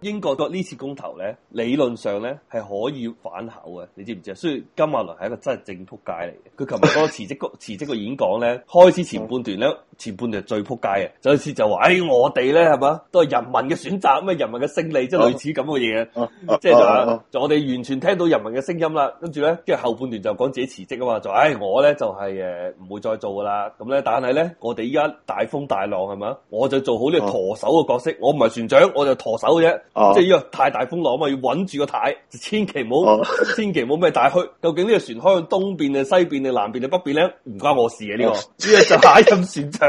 英國嘅呢次公投呢，理論上呢係可以反口嘅，你知唔知啊？所以金馬倫係一個真係正撲街嚟嘅。佢琴日嗰個辭職公 辭職嘅演講呢開始前半段呢。前半段最仆街嘅，就好似就話，誒、哎、我哋咧係嘛，都係人民嘅選擇，咁人民嘅勝利，即係、啊、類似咁嘅嘢，即係就我哋完全聽到人民嘅聲音啦，跟住咧，跟住後半段就講自己辭職啊嘛，就，誒、哎、我咧就係誒唔會再做噶啦，咁咧但係咧我哋依家大風大浪係嘛，我就做好呢個舵手嘅角色，啊、我唔係船長，我就係舵手嘅啫，即係呢個太大風浪啊嘛，要穩住個艇，千祈唔好，啊、 千祈唔好咩大開，究竟呢個船開向東邊定西邊定南邊定北邊咧，唔關我事嘅、啊、呢、這個，呢個 就係咁船長。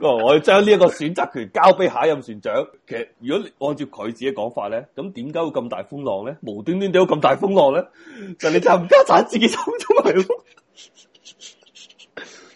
我將呢一個選擇權交俾下一任船長。其實，如果你按照佢自己講法咧，咁點解會咁大風浪咧？無端端都有咁大風浪咧？就是、你就冚家鏟自己衝咗埋。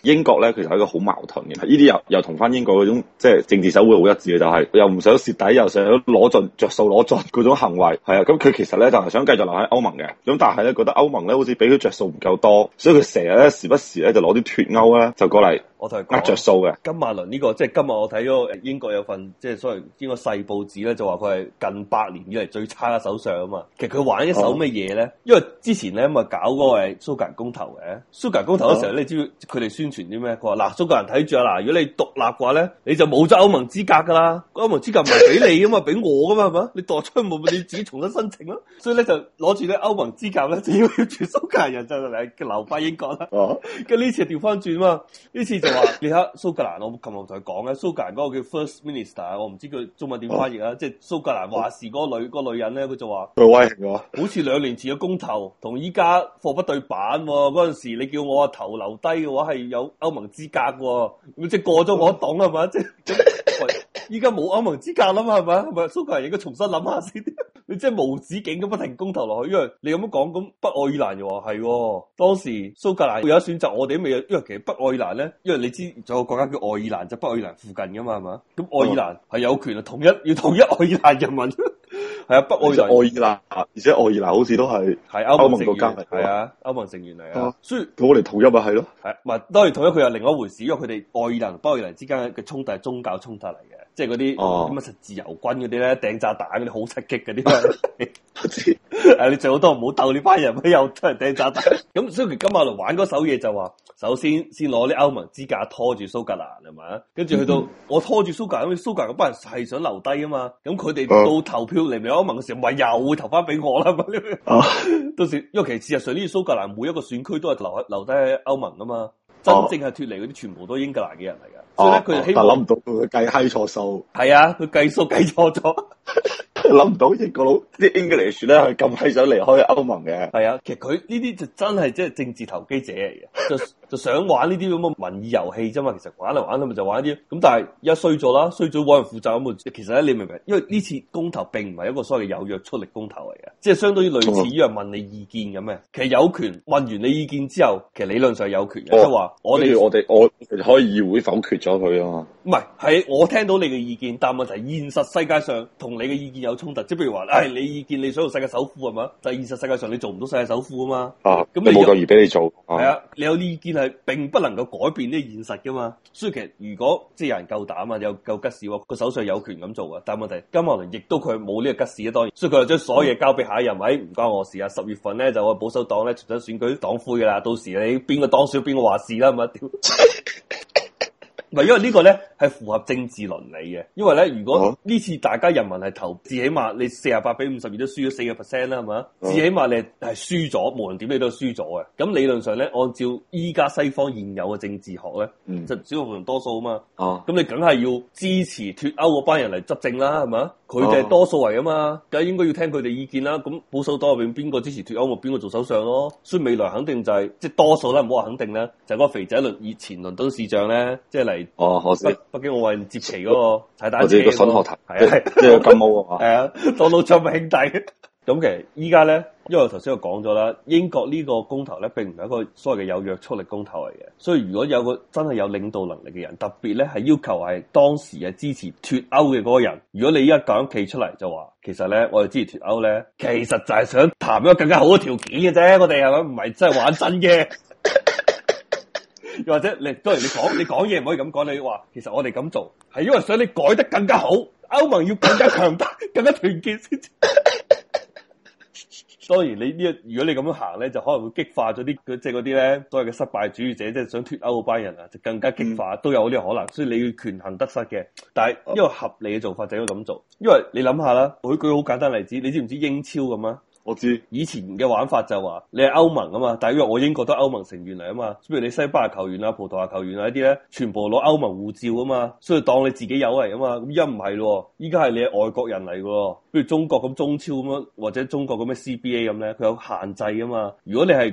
英國咧其實係一個好矛盾嘅，呢啲又又同翻英國嗰種即係政治社會好一致嘅、就是，就係又唔想蝕底，又想攞盡着數攞盡嗰種行為係啊。咁佢其實咧就係、是、想繼續留喺歐盟嘅，咁但係咧覺得歐盟咧好似俾佢着數唔夠多，所以佢成日咧時不時咧就攞啲脫歐咧就過嚟，我同佢執著數嘅。金馬倫呢、呢個，即係今日我睇咗英國有份，即係所謂英國細報紙咧，就話佢係近百年以嚟最差嘅首相啊嘛。其實佢玩一手咩嘢咧？啊、因為之前咧咪搞嗰個係蘇格蘭公投嘅，蘇格蘭公投嘅時候咧，啊、你知佢哋宣傳啲咩？佢話嗱，蘇格蘭睇住啊，嗱，如果你獨立嘅話咧，你就冇咗歐盟資格噶啦。歐盟資格唔係俾你啊嘛，俾 我噶嘛係嘛？係咪你度出嚟冇，你自己重新申請啦。所以咧就攞住啲歐盟資格咧，就要要住蘇格蘭人就嚟留返英國啦。哦、啊，跟呢次調翻轉啊嘛，呢次就。 你睇下蘇格蘭，我琴日同佢講咧，蘇格蘭嗰個叫 First Minister，我唔知佢中文點翻譯啊，即係蘇格蘭話事嗰個女、哦、個女人咧，佢就話，哦、好似兩年前嘅公投同依家貨不對板、哦，嗰陣時你叫我啊投留低嘅話係有歐盟資格喎。咁即係過咗我黨係嘛，即係依家冇歐盟資格啦嘛係咪？蘇格蘭應該重新諗下先。你即係無止境咁不停公投落去，因為你咁樣講，咁北愛爾蘭又話係，當時蘇格蘭有選擇我哋未有，因為其實北愛爾蘭咧，因為你知仲有個國家叫愛爾蘭，就是北愛爾蘭附近噶嘛，係嘛？咁愛爾蘭係有權啊，我統一要統一愛爾蘭人民。 係啊，北愛爾蘭，而且愛爾蘭好似都係係歐盟國家係啊，歐盟成員嚟啊，盟來所以佢我哋統一咪係咯，唔係，啊啊、當然統一佢又另外一回事，因為佢哋愛爾蘭、北愛爾蘭之間嘅衝突係宗教衝突嚟嘅，即係嗰啲咁啊，什麼自由軍嗰啲咧，掟炸彈嗰啲好刺激嗰啲。那 誒、 啊，你最好都唔好鬥呢班人，咪又出嚟掟炸彈。咁 所以今日嚟玩嗰手嘢就話，首先先攞啲歐盟資格拖住蘇格蘭係嘛，跟住去到、嗯、我拖住蘇格蘭，因為蘇格蘭嗰班人係想留低啊嘛。咁佢哋到投票嚟埋歐盟嘅時候，咪、啊、又會投翻俾我啦。到時、啊， 因為其實事實上呢，啲蘇格蘭每一個選區都係留留低喺歐盟啊嘛。真正係脫離嗰啲，全部都係英格蘭嘅人嚟噶。所以咧，佢就希望諗唔到佢計閪錯數。係啊，佢計數計錯咗。 諗唔到英國佬啲 English 咧係咁係想離開歐盟嘅。係啊，其實佢呢啲就真係即係政治投機者嚟嘅。 就想玩呢啲咁嘅民意遊戲啫嘛，其實玩嚟玩去咪就玩啲咁，但係而家衰咗啦，衰咗冇人負責咁。其實咧，你明唔明？因為呢次公投並唔係一個所謂有約出力公投嚟嘅，即係相當於類似於人問你意見咁嘅。其實有權問完你意見之後，其實理論上有權我即係話我哋我哋我可以議會否決咗佢啊嘛。唔係係我聽到你嘅意見，但問題現實世界上同你嘅意見有衝突，即係譬如話、啊哎，你意見你想做世界首富係嘛？但係、就係、現實世界上你做唔到世界首富啊嘛你。啊，咁你冇個業俾你做。係啊，你有啲意見係並不能夠改變呢個現實噶嘛，所以其實如果即係有人夠膽啊，有夠吉士，啊，個首相有權咁做啊。但係問題，金馬倫亦都佢冇呢個吉士啊，當然，所以佢又將所有嘢交俾下一任位，唔、嗯哎、關我事啊。十月份咧就我保守黨咧重新選舉黨魁噶啦，到時你邊個當選邊個話事啦，啊，咁啊屌！ 唔係，因為呢個咧係符合政治倫理嘅。因為咧，如果呢、啊、次大家人民係投，至起碼你四十八比五十二都輸咗四個 percent 啦，係嘛？啊、至起碼你係輸咗，無論點你都係輸咗嘅。咁理論上咧，按照依家西方現有嘅政治學咧，就少數同多數啊嘛。哦、啊，咁你梗係要支持脫歐嗰班人嚟執政啦，係嘛？佢哋係多數嚟啊嘛，梗係應該要聽佢哋意見啦。咁保守黨入邊邊個支持脫歐，咪邊個做首相咯？所以未來肯定就係、是、即係多數啦，唔好話肯定啦，就嗰、是、個肥仔輪以前倫敦市長咧，即係嚟。哦，好先。北京奧運接旗嗰個踩單車，或者，個頭，係啊的，即係個金毛啊嘛。係啊，的 當到兄弟。咁 其實依家咧，因為才我頭先又講咗啦，英國呢個公投咧，並唔係一個所謂嘅有約束力公投嚟嘅。所以如果有個真係有領導能力嘅人，特別咧係要求係當時係支持脱歐嘅嗰個人，如果你依家講企出嚟就話，其實咧我哋支持脱歐咧，其實就係想談一個更加好嘅條件嘅啫。我哋係咪唔係真係玩真嘅？ 或者你，當然你講你講嘢唔可以咁講，你話其實我哋咁做係因為想你改得更加好，歐盟要更加強大、更加團結先。 當然你呢，如果你咁樣行咧，就可能會激化咗啲，即係嗰啲咧，所謂嘅失敗主義者，即係想脱歐嗰班人啊，就更加激化，嗯、都有呢個可能。所以你要權衡得失嘅，但係呢個合理嘅做法就要咁做，因為你諗下啦，舉個好簡單例子，你知唔知英超咁啊？我知以前嘅玩法就係話你係歐盟啊嘛，但係因為我英國都係歐盟成員嚟啊嘛，譬如你西班牙球員啊、葡萄牙球員啊呢啲咧，全部攞歐盟護照啊嘛，所以當你自己有嚟啊嘛，咁一唔係咯，依家係你係外國人嚟嘅，譬如中國咁中超咁樣，或者中國咁咩 CBA 咁咧，佢有限制啊嘛，如果你係外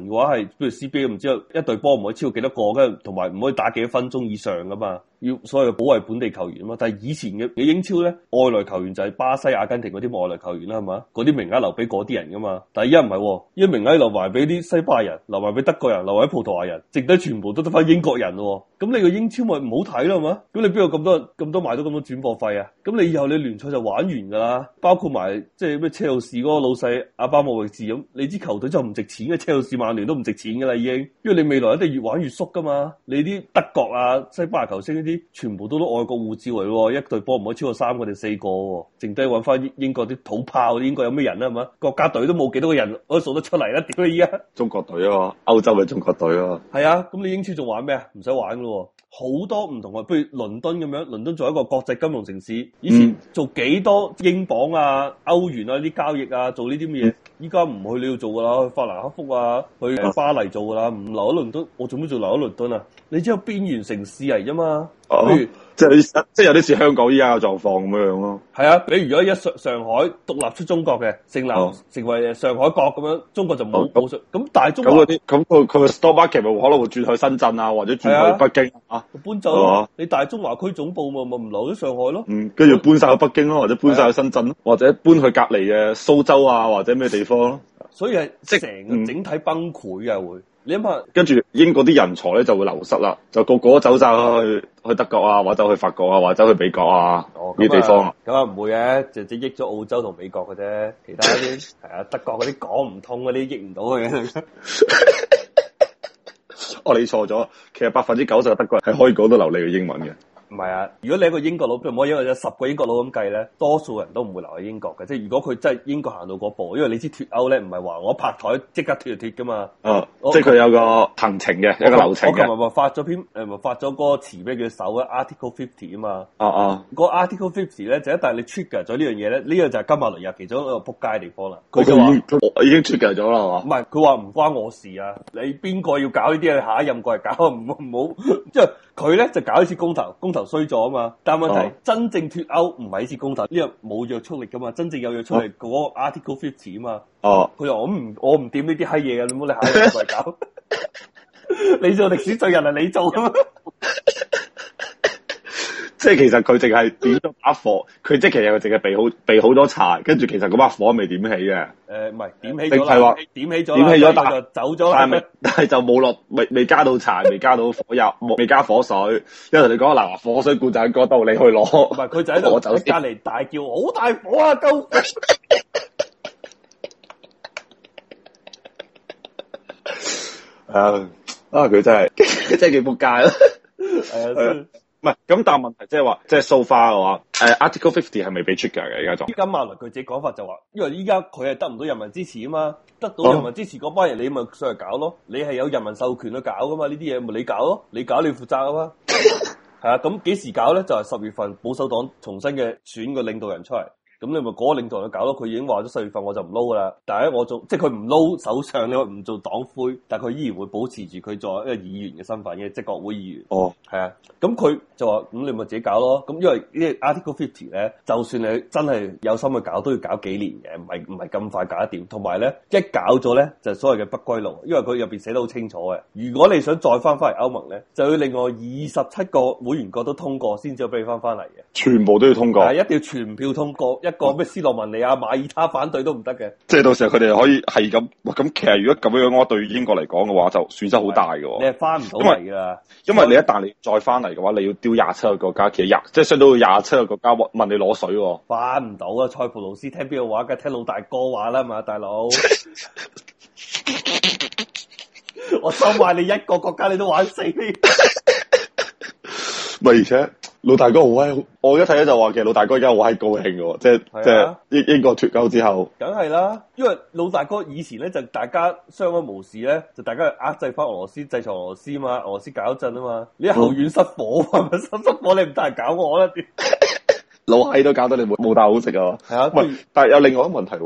援嘅話係，譬如 CBA 唔知道一隊波唔可以超過幾多個，跟住同埋唔可以打幾多分鐘以上噶嘛，要所謂保衛本地球員啊嘛，但係以前嘅嘅英超咧，外來球員就係巴西、阿根廷嗰啲外來球員啦，係嘛，嗰啲名額留俾。嗰啲人噶嘛，但係而家唔係，一名挨留埋俾啲西班牙人，留埋俾德國人，留埋俾葡萄牙人，剩低全部都得翻英國人咯、哦。咁你個英超咪唔好睇咯，係嘛？咁你邊有咁多咁多賣到咁多轉播費啊？咁你以後你聯賽就玩完噶啦，包括埋即係咩車路士嗰個老細阿巴莫域治咁，你支球隊就唔值錢嘅，車路士、曼聯都唔值錢噶啦已經，因為你未來一定越玩越縮噶嘛。你啲德國啊、西班牙球星呢啲，全部都都外國護照嚟，一隊波唔可以超過三個定四個，個啊、剩低揾翻英國啲土炮，英國有咩人咧，係嘛？國家隊都冇幾多個人，可以數得出嚟啦！屌你而家！中國隊啊嘛，歐洲嘅中國隊咯。係啊，咁、啊、你英超仲玩咩啊？唔使玩嘅喎。好多唔同啊，譬如倫敦咁樣，倫敦做一個國際金融城市，以前做幾多英鎊啊、歐元啊啲交易啊，做呢啲嘢，依家唔去你要做噶啦，去法蘭克福啊，去巴黎做噶啦，唔留喺倫敦，我做咩做留喺倫敦啊？你知有邊緣城市嚟啫嘛，譬如即係啲即係有啲似香港依家嘅狀況咁樣樣咯。係啊，比如如果一上上海獨立出中國嘅，成立成為上海國咁樣，中國就冇冇咁，啊、但係那中國啲咁佢佢嘅 store market 咪可能會轉去深圳啊，或者轉去北京啊？搬走，吧你大中華區總部咪咪唔留喺上海咯？嗯，跟住搬晒去北京咯，或者搬晒去深圳咯，啊、或者搬去隔籬嘅蘇州啊，或者咩地方咯？所以係即成整體崩潰啊！嗯、會你諗下，跟住英國啲人才咧就會流失啦，就個個走晒去去德國啊，或者去法國啊，或者去美國啊，呢啲、哦啊、地方、啊。咁啊唔會嘅、啊，就只益咗澳洲同美國嘅啫，其他啲係 啊，德國嗰啲講唔通嗰啲益唔到佢。 哦，你錯咗，其實百分之九十嘅德國人係可以講到流利嘅英文嘅。唔係啊！如果你係一個英國佬，唔可以因為有十個英國佬咁計咧，多數人都唔會留喺英國嘅。即係如果佢真係英國行到嗰步，因為你知脫歐咧，唔係話我拍台即刻脫就脫噶嘛。嗯、我即係佢有個行程嘅，我有個流程嘅我琴日咪發咗篇誒，發咗個詞俾佢手啊 article fifty 啊嘛。啊啊，個 article fifty 咧就一、是、但是你 trigger 咗呢樣嘢咧，呢、呢個就係今日今日其中一個仆街嘅地方啦。佢就話：我已經 trigger 咗啦嘛。唔係，佢話唔關我事啊！你邊個要搞呢啲啊？你下一任過嚟搞啊！唔唔好，即係佢咧就搞一次公投。公投。衰咗啊嘛，但係問題、哦、真正脫歐唔係呢次公投，因為冇約出嚟噶嘛，真正有約出嚟嗰、哦、article fifty 啊嘛，佢話、哦、我唔我唔點呢啲閪嘢啊，你唔好你喺度嚟搞， 你做歷史罪人係你做啊。 即係其實佢淨係點咗把火，佢即係其實佢淨係備好備好多柴，跟住其實嗰把火未點起嘅。誒，唔係點起咗啦，係話點起咗，點起咗但係走咗，但係但係就冇落，未未加到柴，未加到火油，未加火水。因為同你講嗱，火水罐就喺嗰度，你去攞。唔係佢就喺度我走隔籬大叫，好大火啊！救！啊啊！佢真係真係叫仆街咯。唔係，咁但係問題即係、就是 so、話，即係數化嘅話，誒，Article 50係未俾出嘅，而家就。依家馬來佢自己講法就話，因為依家佢係得唔到人民支持啊嘛，得到人民支持嗰班人，你咪上嚟搞咯，你係有人民授權去搞噶嘛，呢啲嘢咪你搞咯，你搞你負責啊嘛，係 啊，咁幾時搞咧？就係、是、十月份保守黨重新嘅選個領導人出嚟。咁你咪嗰個領導去搞咯，佢已經話咗四月份我就唔撈啦。但係我做即係佢唔撈首相，你話唔做黨魁，但係佢依然會保持住佢作為一個議員嘅身份嘅，即國會議員。哦，係啊，咁佢就話咁你咪自己搞咯。咁因為個 article 50呢 article fifty 咧，就算你真係有心去搞，都要搞幾年嘅，唔係唔係咁快搞得掂。同埋咧，一搞咗咧就係所謂嘅不歸路，因為佢入邊寫得好清楚嘅。如果你想再翻翻嚟歐盟咧，就要另外二十七個會員國都通過先至可以翻翻嚟嘅，全部都要通過，係一定要全票通過一。一個咩斯洛文尼亞、馬爾他反對都唔得嘅，即係到時候佢哋可以係咁。咁其實如果咁樣，我對英國嚟講嘅話就損失好大嘅。你係翻唔到嚟噶，因為你一旦你再翻嚟嘅話，你要丟廿七個國家，其實廿即係相當於廿七個國家問你攞水。翻唔到啊！塞浦路斯聽邊個話？梗係聽老大哥話啦嘛，大佬。 我收買你一個國家，你都玩死你。而 且…… 老大哥好威，我一睇咧就話，其實老大哥而家我係高興喎。即係即係英英國脫歐之後，梗係啦，因為老大哥以前咧就大家相安無事咧，就大家壓制翻俄羅斯制裁俄羅斯嘛，俄羅斯搞震啊嘛，你喺後院失火，嗯、係咪失火你唔得閒搞我啦。 老細都搞到你冇冇啖好食啊！係啊的，唔但係有另外一個問題，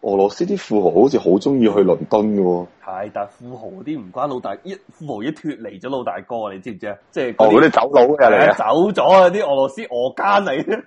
俄羅斯啲富豪好似好中意去倫敦嘅。係，但富豪啲唔關老大，一富豪一脫離咗老大哥，你知唔知啊？即係嗰啲走佬啊，你走咗啊！啲俄羅斯俄奸嚟嘅。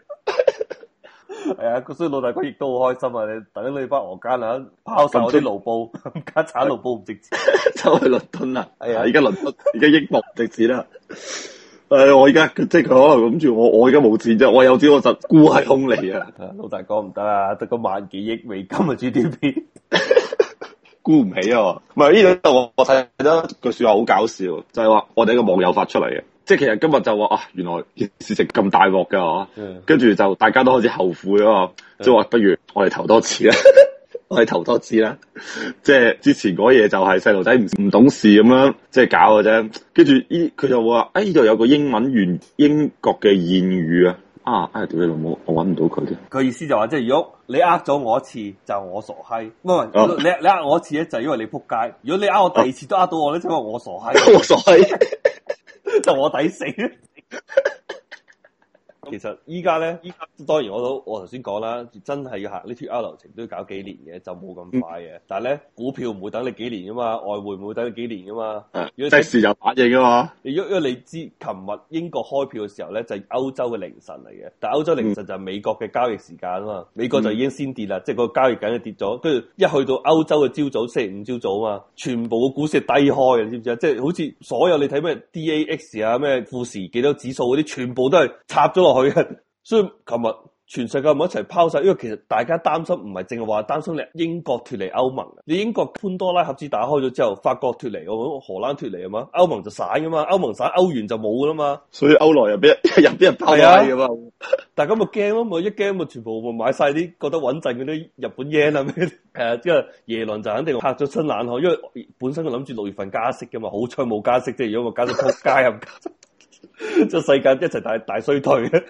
係啊， 所以老大哥亦都好開心啊！你等你翻俄奸啊，拋晒我啲盧布，家產盧布唔值錢，走 去倫敦啊！係啊的，而家倫敦，而家英國唔值錢啦。 誒，我而家即係佢可能諗住我，我而家冇錢啫，我有錢我就沽係空嚟啊！老大哥唔得啊，得個萬幾億美金啊，GDP 沽唔起啊！唔係，呢度我睇到句說話好搞笑，就係話我哋一個網友發出嚟嘅，即係其實今日就話啊，原來事情咁大鑊㗎。跟住 Yeah. 就大家都開始後悔啊，即係話不如我哋投多次啊！係投多次啦，即係之前嗰嘢就係細路仔唔唔懂事咁樣，即係搞嘅啫。跟住呢佢就話，哎呢度有個英文原英國嘅諺語啊，啊哎屌你老母，我搵唔到佢嘅。佢意思就話、是，即係如果你呃咗我一次，就是、我傻閪。唔係你你呃我一次咧，就是、因為你撲街。如果你呃我第二次、啊、都呃到我咧，即係我傻閪，我傻閪，我傻 就我抵死。其實依家咧，依家當然我都我頭先講啦，真係要行呢條脫歐流程都要搞幾年嘅，就冇咁快嘅。但係咧，股票唔會等你幾年噶嘛，外匯唔會等你幾年噶嘛。誒，即時就反應啊嘛。因為因為你知，琴日英國開票嘅時候咧，就係、是、歐洲嘅凌晨嚟嘅。但係歐洲凌晨就係美國嘅交易時間啊嘛。美國就已經先跌啦，嗯、即係個交易緊就跌咗。跟住一去到歐洲嘅朝早星期五朝早啊嘛，全部個股市係低開，你知唔知啊？即係好似所有你睇咩 DAX 啊、咩富時幾多指數嗰啲，全部都係插咗落去。所以琴日全世界冇一齊拋晒，因為其實大家擔心唔係淨係話擔心你英國脫離歐盟，你英國潘多拉盒子打開咗之後，法國脫離，我荷蘭脫離係嘛？歐盟就散噶嘛，歐盟，盟散歐元就冇噶啦嘛，所以歐羅又俾人俾人拋晒噶嘛。啊、但係咪啊驚咯，咪一驚咪全部咪買晒啲覺得穩陣嗰啲日本嘢 e 咩？誒、即、就、係、是、耶倫就肯定拍咗身冷汗，因為本身就諗住六月份加息噶嘛，好彩冇加息即啫，如果冇加息撲街入，即係 世界一齊大大衰退。